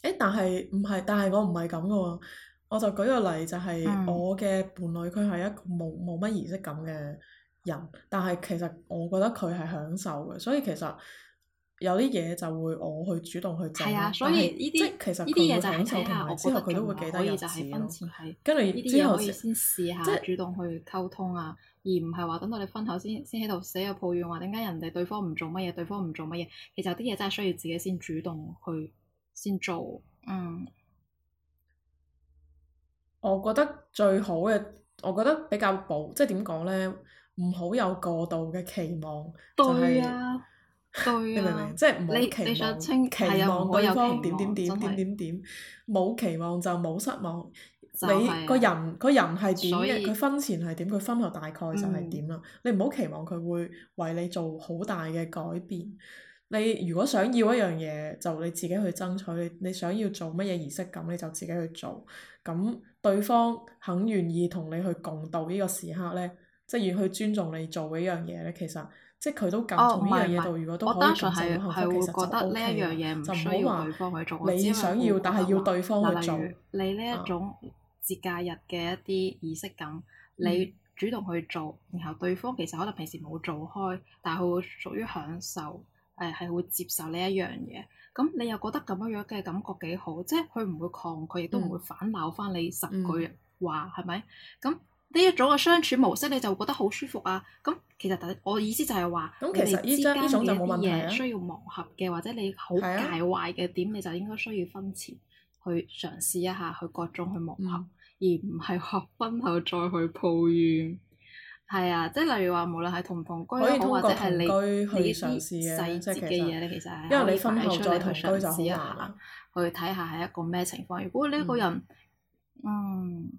欸。但係唔係？但係我唔係咁噶喎。我就舉個例，就係、是、我嘅伴侶，佢係一個冇冇乜儀式感嘅人，但係其實我覺得佢係享受嘅，所以其實。有啲嘢就會我去主動去做，啊、所以即係其實呢啲嘢就係我。之後，佢都會記得，可以就係婚前係呢啲可以先試下主動去溝通啊，後而唔係話等到你婚後先先喺度寫個抱怨話點解人哋對方唔做乜嘢，對方唔做乜嘢。其實啲嘢真係需要自己先主動去先做。嗯，我覺得最好嘅，我覺得比較保，即係點講咧？唔好有過度嘅期望、就係，就係、啊。對、啊、你明唔明？即係唔好期望，期望對方點點點點點點，冇的期望就冇失望。就是、你個人個人係點嘅？佢婚以前係點？佢婚後大概就係點啦。嗯、你唔好期望佢會為你做好大嘅改變。你如果想要一樣嘢，就你自己去爭取。你想要做乜嘢儀式感，你就自己去做。咁對方肯願意同你去共度呢個時刻呢，即係願意去尊重你做嘅呢樣嘢呢，其實～即係佢都敢從呢樣嘢度，如果都可以決定，然後就其唔實 需要對方去做。你只想要，但係要對方去做。啊、例如你呢種節假日嘅一啲儀式感，嗯、你主動去做，然後對方其實可能平時冇做開，但係佢會屬於享受，誒係會接受呢一樣嘢。咁你又覺得咁樣樣嘅感覺幾好？即係佢唔會抗拒，亦都唔會反鬧返你十句話，係咪、嗯？咁、嗯。呢一種嘅相處模式，你就覺得好舒服啊！咁其實，我意思就係話，你之間有啲嘢需要磨合嘅，或者你好介懷嘅點，你就應該需要婚前去嘗試一下，去各種去磨合，而唔係學婚後再去抱怨。係啊，即係例如話，無論係同房居好或者係你你啲細節嘅嘢咧，其實可以擺出你去嘗試一下，去睇下係一個咩情況。如果呢個人，嗯。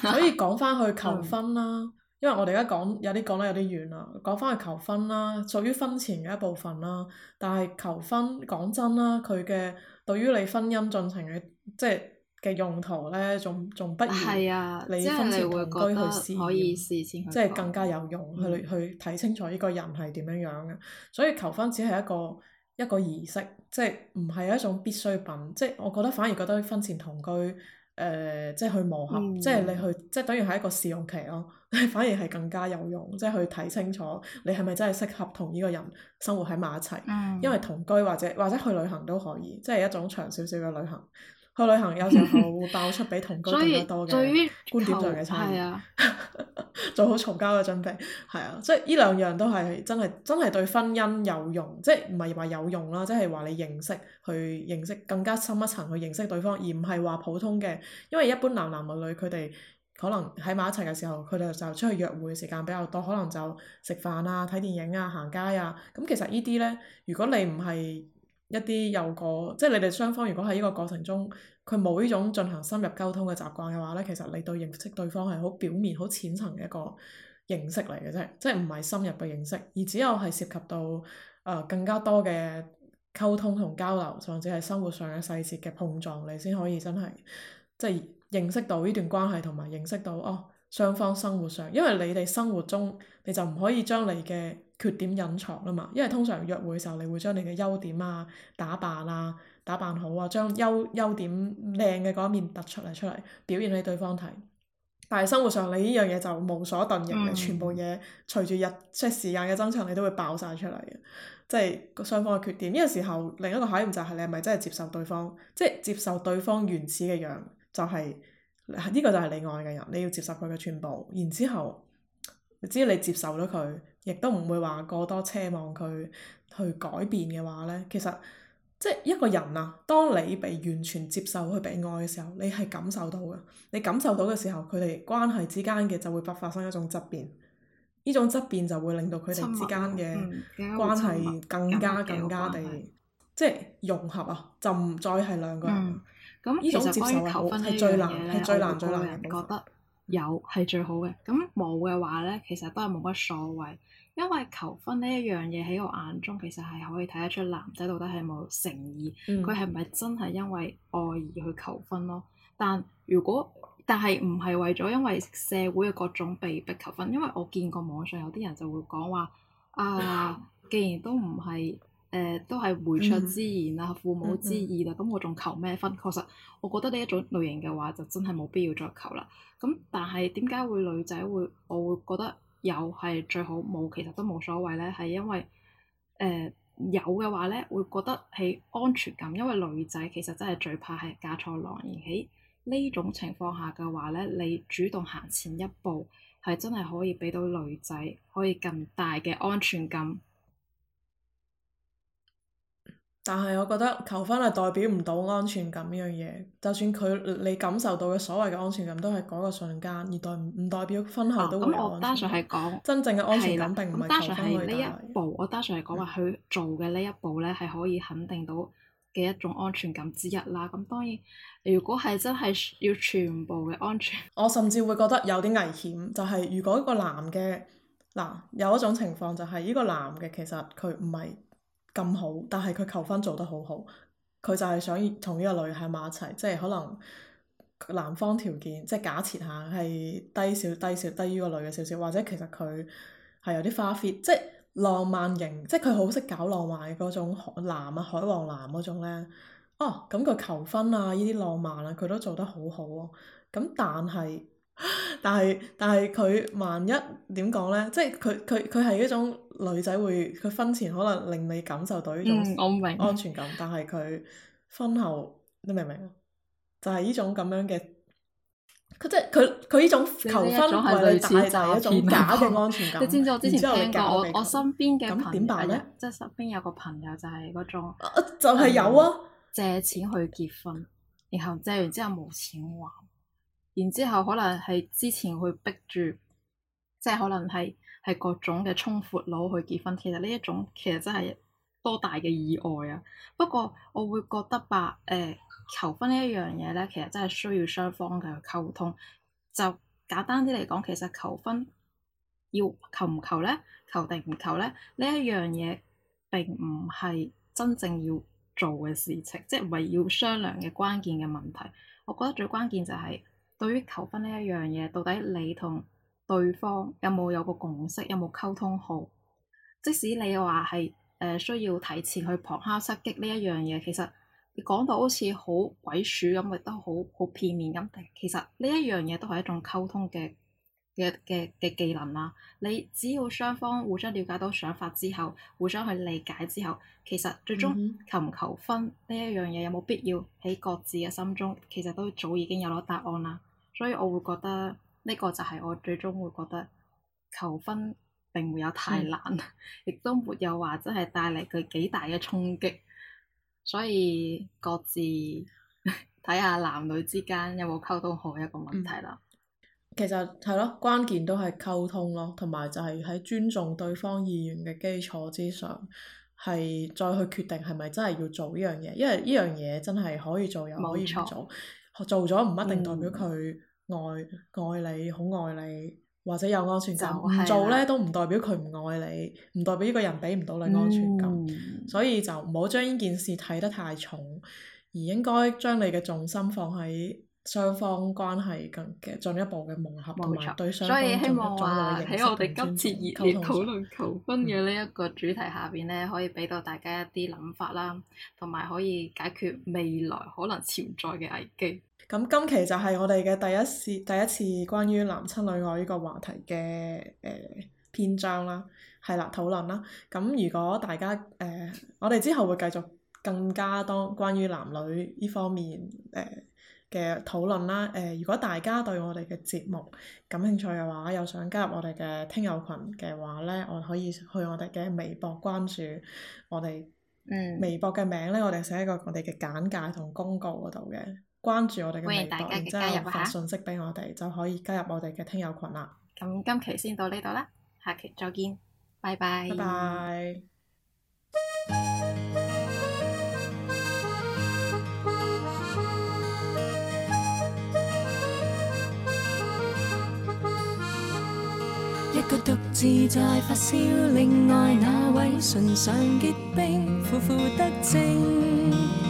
可 [laughs] 以講翻去求婚啦，嗯、因為我哋而家講有啲講得有啲遠啦，講翻去求婚啦，屬於婚前嘅一部分啦。但係求婚講真啦，佢嘅對於你婚姻進程嘅即係嘅用途呢，仲仲不如你婚前同居去試、啊，即係更加有用去、嗯、去睇清楚呢個人係點樣樣嘅。所以求婚只係一個一個儀式，即係唔係一種必需品。即係我覺得反而覺得婚前同居。誒、呃，即係去磨合，嗯、即係你去，即係等於係一個試用期咯。反而係更加有用，即係去睇清楚你係咪真係適合同呢個人生活喺埋一齊。嗯、因為同居或者或者去旅行都可以，即係一種長少少嘅旅行。去旅行有時候會爆出比同居更加多嘅， [laughs] 所以對觀點上嘅差異，做好嘈交嘅準備。係啊，即係呢兩樣都係真係真係對婚姻有用，即係唔係話有用啦，即係話你認識去認識更加深一層去認識對方，而唔係話普通嘅，因為一般男男女女佢哋可能喺埋一齊嘅時候，佢哋就出去約會嘅時間比較多，可能就食飯啊、睇電影啊、行街啊，咁其實呢啲呢，如果你唔係，一啲有個，即係你哋雙方如果喺呢個過程中，佢冇呢種進行深入溝通嘅習慣嘅話呢，其實你對認識對方係好表面、好淺層嘅一個認識嚟嘅啫，即係唔係深入嘅認識，而只有係涉及到誒、呃、更加多嘅溝通同交流，甚至係生活上嘅細節嘅碰撞，你先可以真係即係認識到呢段關係同埋認識到哦。雙方生活上，因為你哋生活中你就唔可以將你嘅缺點隱藏啦嘛，因為通常約會嘅時候，你會將你嘅優點啊、打扮啊、打扮好啊，將優優點靚嘅嗰一面突出嚟出嚟，表現俾對方睇。但係生活上你呢樣嘢就無所遁形嘅，嗯、全部嘢隨住日即係時間嘅增長，你都會爆晒出嚟嘅，即係雙方嘅缺點。呢個時候另一個考驗就係你係咪真係接受對方，即係接受對方原始嘅樣，就係。呢個就係你愛嘅人，你要接受佢嘅全部，然之後，只要你接受咗佢，亦都唔會話過多奢望佢去改變嘅話呢，其實即係、就是、一個人啊，當你被完全接受去被愛嘅時候，你係感受到㗎，你感受到嘅時候，佢哋關係之間嘅就會發生一種質變，呢種質變就會令到佢哋之間嘅親密、嗯、關係更加有有係更加地即係融合啊，就唔再係兩個人。咁其實關於求婚呢一樣嘢咧，最我個人覺得有係最好嘅，咁冇嘅話咧，其實都係冇乜所謂。因為求婚呢一樣嘢喺我眼中其實係可以睇得出男仔到底係冇誠意，佢係咪真係因為愛而去求婚咯？但如果但係唔係為咗因為社會嘅各種被逼求婚，因為我見過網上有啲人就會講話啊，既然都唔係。誒、呃、都係媒妁之言啦，嗯、父母之意啦，咁、嗯、我仲求咩婚？確實，我覺得呢一種類型嘅話就真係冇必要再求啦。咁但係點解會女仔會我會覺得有係最好，冇其實都冇所謂咧，係因為誒、呃、有嘅話咧會覺得係安全感，因為女仔其實真係最怕係嫁錯郎，而喺呢種情況下嘅話咧，你主動行前一步係真係可以俾到女仔可以更大嘅安全感。但係，我覺得求婚係代表唔到安全感呢樣嘢。就算佢你感受到嘅所謂嘅安全感，都係嗰個瞬間，而代唔代表婚後都會安、啊嗯、我單純係講真正嘅安全感並、嗯，並唔係求婚嚟嘅。呢一步，但我單純係講話佢做嘅呢一步呢係可以肯定到嘅一種安全感之一啦。咁、嗯嗯、當然，如果係真係要全部嘅安全，我甚至會覺得有啲危險。就係、是、如果一個男嘅嗱有一種情況，就係呢個男嘅其實佢唔係。咁好，但係佢求婚做得好好，佢就係想同呢個女喺埋一齊，即係可能男方條件即係假設下係低少低少低於個女嘅少少，或者其實佢係有啲花 fit，即係浪漫型，即係佢好識搞浪漫嘅嗰種海男啊，海王男嗰種咧。哦，咁佢求婚啊，呢啲浪漫啊，佢都做得好好啊喎。咁但係。但係但係佢萬一點講咧？即係佢佢佢係一種女仔會佢婚前可能令你感受到呢種安全感，嗯、但係佢婚後你明唔明？就係、是、呢種咁樣嘅，佢即係佢佢呢種求婚係女仔就係一種假嘅安全感。嗯、你知唔知我之前聽過我我身邊嘅朋友，即係身邊有個朋友就係嗰種，就係、是、有啊、嗯，借錢去結婚，然後借完之後冇錢還，然之後，可能係之前會逼住，即係可能係係各種嘅衝闊佬去結婚。其實呢一種其實真係多大嘅意外啊！不過我會覺得吧，誒，求婚呢一樣嘢咧，其實真係需要雙方嘅溝通。就簡單啲嚟講，其實求婚要求唔求咧，求定唔求咧，呢一樣嘢並唔係真正要做嘅事情，即係圍繞商量嘅關鍵嘅問題。我覺得最關鍵就係。對於求婚呢一樣嘢，到底你同對方有冇有，有個共識，有冇溝通好？即使你話係誒需要提前去旁敲側擊呢一樣嘢，其實你講到好似好鬼鼠咁，亦都好好片面咁。其實呢一樣嘢都係一種溝通嘅嘅嘅嘅技能啦。你只要雙方互相了解到想法之後，互相去理解之後，其實最終求唔求婚呢一樣嘢有冇必要喺各自嘅心中，其實都早已經有咗答案啦。所以我會覺得呢、呢個就係我最終會覺得求婚並沒有太難，亦的都沒有話真係帶嚟佢幾大嘅衝擊。所以各自睇下男女之間有冇溝通好一個問題啦。嗯、其實係咯，關鍵都係溝通咯，同埋就係喺尊重對方意願嘅基礎之上，係再去決定係咪真係要做呢樣嘢。因為呢樣嘢真係可以做又可以唔做，錯做咗唔一定代表佢、嗯。愛愛你好愛你，或者有安全感做咧都唔代表佢唔愛你，唔代表呢個人俾唔到你安全感。嗯、所以就唔好將呢件事睇得太重，而應該將你嘅重心放喺雙方關係更嘅進一步嘅磨合同埋錯對雙方嘅尊重。所以希望啊喺我哋今次熱烈討論求婚嘅呢一個主題下邊咧，嗯、可以俾到大家一啲諗法啦，同埋可以解決未來可能潛在嘅危機。咁今期就係我哋嘅第一次第一次關於男親女愛呢個話題嘅誒、呃、篇章啦，係啦討論啦。咁如果大家誒、呃、我哋之後會繼續更加多關於男女呢方面誒嘅討論啦。誒、呃、如果大家對我哋嘅節目感興趣嘅話，又想加入我哋嘅聽友群嘅話咧，我可以去我哋嘅微博關注我哋。嗯。微博嘅名咧，我哋寫喺個我哋嘅簡介同公告嗰度嘅。關注我哋嘅微博，然之後發信息畀我哋，就可以加入我哋嘅聽友群啦。咁今期先到呢度啦，下期再見，拜拜。拜拜。一個獨自在發燒，另外那位唇上結冰，苦苦得症。